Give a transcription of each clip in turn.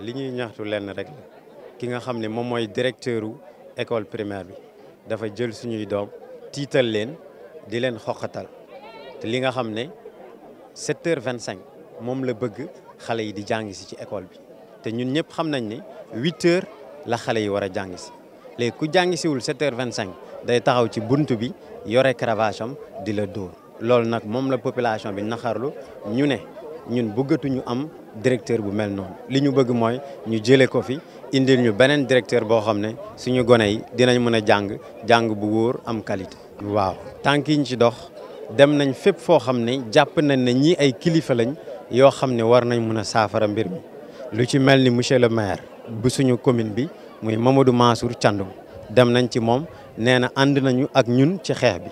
li ñuy ñaxtu lenn rek la ki nga xam ne moom mooy directeur u école primaire bi dafa jël suñuy doom tiital leen di leen xoqatal te li nga xam ne 7 h 25 moom la bëgg xale yi di jàng ci école bi te ñun ñëpp xam nañ 8 h la xale yi war a jàng si léegi ku jàng siwul 7 h 25 day taxaw ci bunt bi yore cravache am di la dóor loolu nag moom la population bi naxarlu ñu ne. ñun buggatuñu am directeur bu mel noonu li ñu bëgg mooy ñu jëlee ko fi indil ñu beneen directeur boo xam ne suñu gone yi dinañ mën a jàng jàng bu wóor am qualité. waaw tànk yi ñu ci dox dem nañ fépp foo xam ne jàpp nañ ne ñii ay kilifa lañ yoo xam ne war nañ mën a saafara mbir mi lu ci mel ni monsieur le maire bu suñu commune bi muy Mamadou Mansour Thiandoum dem nañ ci moom nee na ànd nañu ak ñun ci xeex bi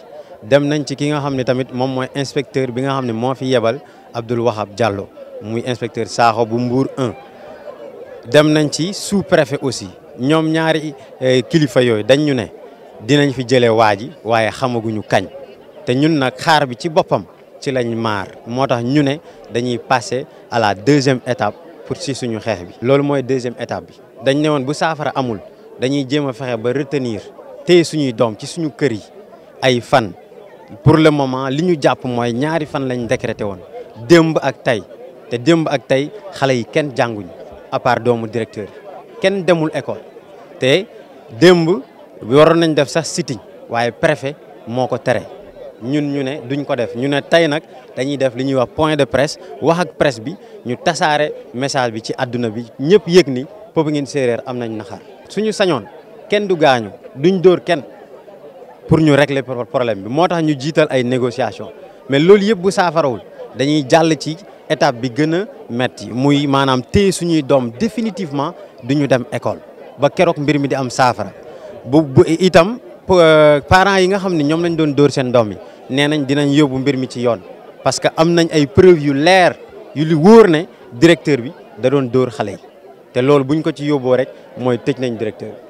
dem nañ ci ki nga xam ne tamit moom mooy inspecteur bi nga xam ne moo fi yebal. Abdoul Wahab Diallo muy inspecteur Sakho bu Mbour 1 dem nañ ci sous préfet aussi ñom ñaari eh, kilifa yoy dañ ñu né dinañ fi jëlé waji waye xamaguñu kañ té ñun nak xaar bi ci bopam ci lañ mar motax ñu né dañuy passer à la deuxième étape pour si suñu xex bi. lool moy deuxième étape bi dañ ne bu saafara amul dañuy jéem fexé ba retenir téye suñuy doom ci suñu kër yi ay fan pour le moment liñu japp moy ñaari fan lañ décrété won démb ak tey te démb ak tey xale yi kenn jànguñu à part doomu directeur kenn demul école te démb waroon nañ def sax sitting waaye préfet moo ko tere ñun ñu ne duñ ko def ñu ne tey nag dañuy def li ñuy wax point de presse wax ak presse bi ñu tasaare message bi ci àdduna bi ñëpp yëg ni Popenguine séeréer am nañ naxar suñu sañoon kenn du gaañu duñ dóor kenn pour ñu régler problème bi moo tax ñu jiital ay négociation mais loolu yëpp bu saafarawul dañuy jàll ci étape bi gën a metti muy maanaam téye suñuy doom définitivement ñu dem école ba keroog mbir mi di am saafara bu bu itam euh, parents yi nga xam ne ñoom lañ doon dóor seen doom yi nee nañ dinañ yóbbu mbir mi ci yoon parce que am nañ ay preuve yu leer yu li wóor ne directeur bi da doon dóor xale yi te loolu buñ ko ci yóbboo rek mooy tëj nañ directeur